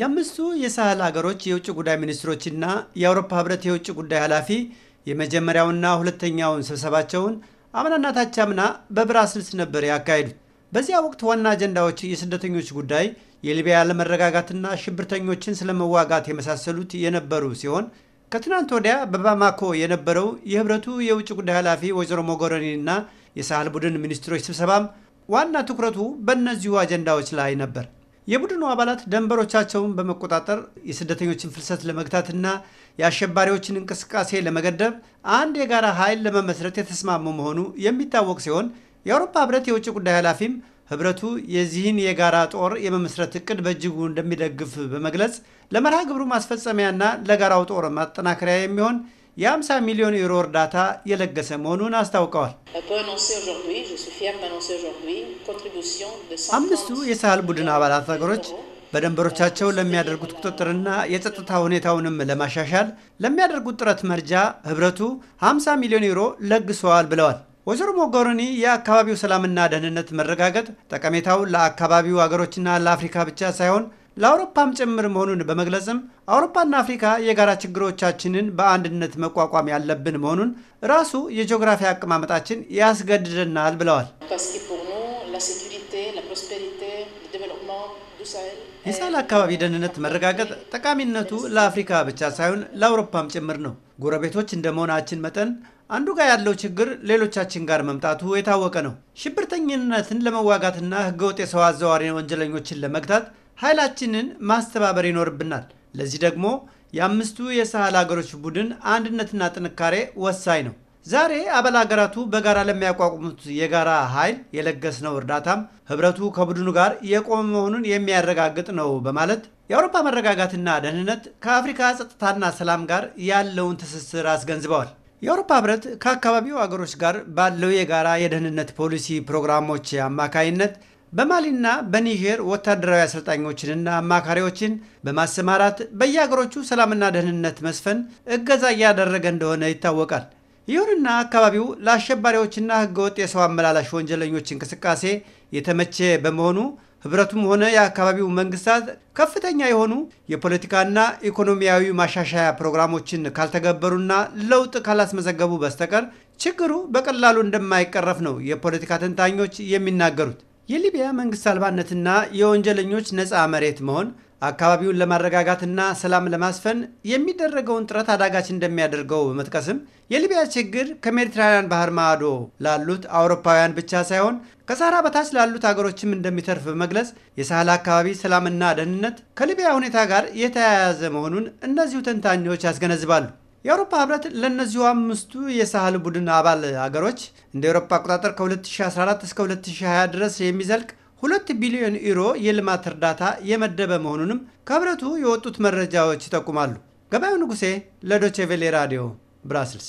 የአምስቱ የሳህል አገሮች የውጭ ጉዳይ ሚኒስትሮችና የአውሮፓ ህብረት የውጭ ጉዳይ ኃላፊ የመጀመሪያውና ሁለተኛውን ስብሰባቸውን አምናና ታቻምና በብራስልስ ነበር ያካሄዱት። በዚያ ወቅት ዋና አጀንዳዎች የስደተኞች ጉዳይ፣ የሊቢያ አለመረጋጋትና ሽብርተኞችን ስለመዋጋት የመሳሰሉት የነበሩ ሲሆን ከትናንት ወዲያ በባማኮ የነበረው የህብረቱ የውጭ ጉዳይ ኃላፊ ወይዘሮ ሞጎረኒና የሳህል ቡድን ሚኒስትሮች ስብሰባም ዋና ትኩረቱ በእነዚሁ አጀንዳዎች ላይ ነበር። የቡድኑ አባላት ደንበሮቻቸውን በመቆጣጠር የስደተኞችን ፍልሰት ለመግታትና የአሸባሪዎችን እንቅስቃሴ ለመገደብ አንድ የጋራ ኃይል ለመመስረት የተስማሙ መሆኑ የሚታወቅ ሲሆን የአውሮፓ ህብረት የውጭ ጉዳይ ኃላፊም ህብረቱ የዚህን የጋራ ጦር የመመስረት እቅድ በእጅጉ እንደሚደግፍ በመግለጽ ለመርሃ ግብሩ ማስፈጸሚያና ለጋራው ጦር ማጠናከሪያ የሚሆን የ50 ሚሊዮን ዩሮ እርዳታ የለገሰ መሆኑን አስታውቀዋል። አምስቱ የሳህል ቡድን አባላት ሀገሮች በደንበሮቻቸው ለሚያደርጉት ቁጥጥርና የጸጥታ ሁኔታውንም ለማሻሻል ለሚያደርጉት ጥረት መርጃ ህብረቱ 50 ሚሊዮን ዩሮ ለግሰዋል ብለዋል። ወይዘሮ ሞጎሪኒ የአካባቢው ሰላምና ደህንነት መረጋገጥ ጠቀሜታው ለአካባቢው አገሮችና ለአፍሪካ ብቻ ሳይሆን ለአውሮፓም ጭምር መሆኑን በመግለጽም አውሮፓና አፍሪካ የጋራ ችግሮቻችንን በአንድነት መቋቋም ያለብን መሆኑን ራሱ የጂኦግራፊ አቀማመጣችን ያስገድደናል ብለዋል። የሳል አካባቢ ደህንነት መረጋገጥ ጠቃሚነቱ ለአፍሪካ ብቻ ሳይሆን ለአውሮፓም ጭምር ነው። ጎረቤቶች እንደ መሆናችን መጠን አንዱ ጋር ያለው ችግር ሌሎቻችን ጋር መምጣቱ የታወቀ ነው። ሽብርተኝነትን ለመዋጋትና ሕገወጥ የሰው አዘዋዋሪ ወንጀለኞችን ለመግታት ኃይላችንን ማስተባበር ይኖርብናል። ለዚህ ደግሞ የአምስቱ የሳህል አገሮች ቡድን አንድነትና ጥንካሬ ወሳኝ ነው። ዛሬ አባል አገራቱ በጋራ ለሚያቋቁሙት የጋራ ኃይል የለገስነው እርዳታም ህብረቱ ከቡድኑ ጋር የቆመ መሆኑን የሚያረጋግጥ ነው በማለት የአውሮፓ መረጋጋትና ደህንነት ከአፍሪካ ጸጥታና ሰላም ጋር ያለውን ትስስር አስገንዝበዋል። የአውሮፓ ህብረት ከአካባቢው አገሮች ጋር ባለው የጋራ የደህንነት ፖሊሲ ፕሮግራሞች አማካይነት በማሊና በኒጀር ወታደራዊ አሰልጣኞችንና አማካሪዎችን በማሰማራት በየአገሮቹ ሰላምና ደህንነት መስፈን እገዛ እያደረገ እንደሆነ ይታወቃል። ይሁንና አካባቢው ለአሸባሪዎችና ህገወጥ የሰው አመላላሽ ወንጀለኞች እንቅስቃሴ የተመቸ በመሆኑ ህብረቱም ሆነ የአካባቢው መንግስታት ከፍተኛ የሆኑ የፖለቲካና ኢኮኖሚያዊ ማሻሻያ ፕሮግራሞችን ካልተገበሩና ለውጥ ካላስመዘገቡ በስተቀር ችግሩ በቀላሉ እንደማይቀረፍ ነው የፖለቲካ ተንታኞች የሚናገሩት። የሊቢያ መንግስት አልባነትና የወንጀለኞች ነፃ መሬት መሆን አካባቢውን ለማረጋጋትና ሰላም ለማስፈን የሚደረገውን ጥረት አዳጋች እንደሚያደርገው በመጥቀስም የሊቢያ ችግር ከሜዲትራንያን ባህር ማዶ ላሉት አውሮፓውያን ብቻ ሳይሆን ከሳህራ በታች ላሉት አገሮችም እንደሚተርፍ በመግለጽ የሳህል አካባቢ ሰላምና ደህንነት ከሊቢያ ሁኔታ ጋር የተያያዘ መሆኑን እነዚሁ ተንታኞች ያስገነዝባሉ። የአውሮፓ ህብረት ለእነዚሁ አምስቱ የሳህል ቡድን አባል አገሮች እንደ አውሮፓ አቆጣጠር ከ2014 እስከ 2020 ድረስ የሚዘልቅ ሁለት ቢሊዮን ዩሮ የልማት እርዳታ የመደበ መሆኑንም ከህብረቱ የወጡት መረጃዎች ይጠቁማሉ። ገበያው ንጉሴ ለዶቼቬሌ ራዲዮ ብራስልስ